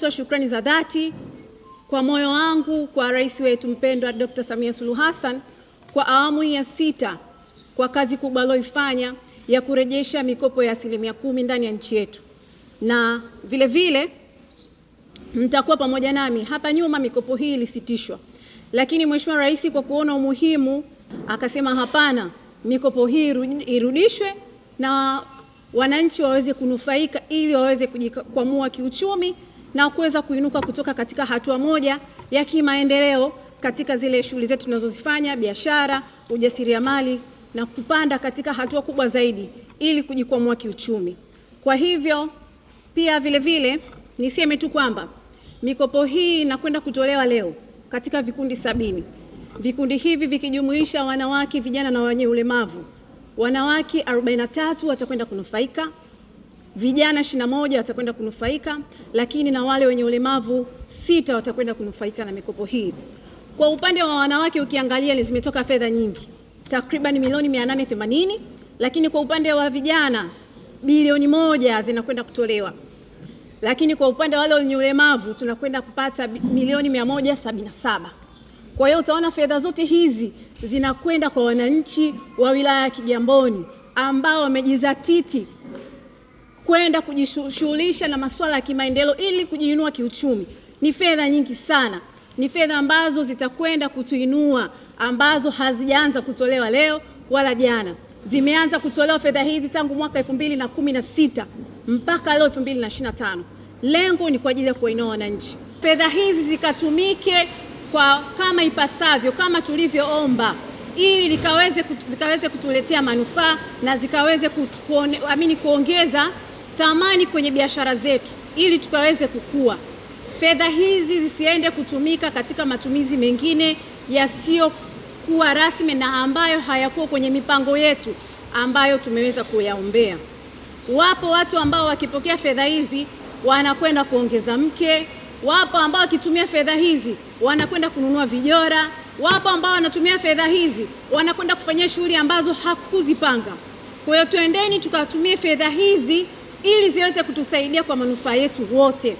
Toa shukrani za dhati kwa moyo wangu kwa rais wetu mpendwa Dr. Samia Suluhu Hassan kwa awamu ya sita kwa kazi kubwa aliyoifanya ya kurejesha mikopo ya asilimia kumi ndani ya nchi yetu, na vile vile mtakuwa pamoja nami hapa nyuma, mikopo hii ilisitishwa, lakini Mheshimiwa Rais kwa kuona umuhimu akasema hapana, mikopo hii irudishwe na wananchi waweze kunufaika ili waweze kujikwamua kiuchumi na kuweza kuinuka kutoka katika hatua moja ya kimaendeleo katika zile shughuli zetu tunazozifanya, biashara, ujasiriamali na kupanda katika hatua kubwa zaidi ili kujikwamua kiuchumi. Kwa hivyo pia vile vile niseme tu kwamba mikopo hii inakwenda kutolewa leo katika vikundi sabini, vikundi hivi vikijumuisha wanawake, vijana na wenye ulemavu. Wanawake 43 watakwenda kunufaika vijana moja watakwenda kunufaika, lakini na wale wenye ulemavu sita watakwenda kunufaika na mikopo hii. Kwa upande wa wanawake ukiangalia, zimetoka fedha nyingi takriban milioni 880, lakini kwa upande wa vijana bilioni moja zinakwenda kutolewa, lakini kwa upande wa wale wenye ulemavu tunakwenda kupata milioni 177. Kwa hiyo utaona fedha zote hizi zinakwenda kwa wananchi wa wilaya ya Kigamboni ambao wamejizatiti kwenda kujishughulisha na masuala ya kimaendeleo ili kujiinua kiuchumi. Ni fedha nyingi sana, ni fedha ambazo zitakwenda kutuinua, ambazo hazijaanza kutolewa leo wala jana. Zimeanza kutolewa fedha hizi tangu mwaka elfu mbili na kumi na sita mpaka leo elfu mbili na ishirini na tano. Lengo ni kwa ajili ya kuwainua wananchi. Fedha hizi zikatumike kwa kama ipasavyo, kama tulivyoomba ili zikaweze kutuletea manufaa na zikaweze kutuone, amini kuongeza thamani kwenye biashara zetu ili tukaweze kukua. Fedha hizi zisiende kutumika katika matumizi mengine yasiyokuwa rasmi na ambayo hayakuwa kwenye mipango yetu ambayo tumeweza kuyaombea. Wapo watu ambao wakipokea fedha hizi wanakwenda kuongeza mke, wapo ambao wakitumia fedha hizi wanakwenda kununua vijora, wapo ambao wanatumia fedha hizi wanakwenda kufanyia shughuli ambazo hakuzipanga. Kwa hiyo, twendeni tukatumie fedha hizi ili ziweze kutusaidia kwa manufaa yetu wote.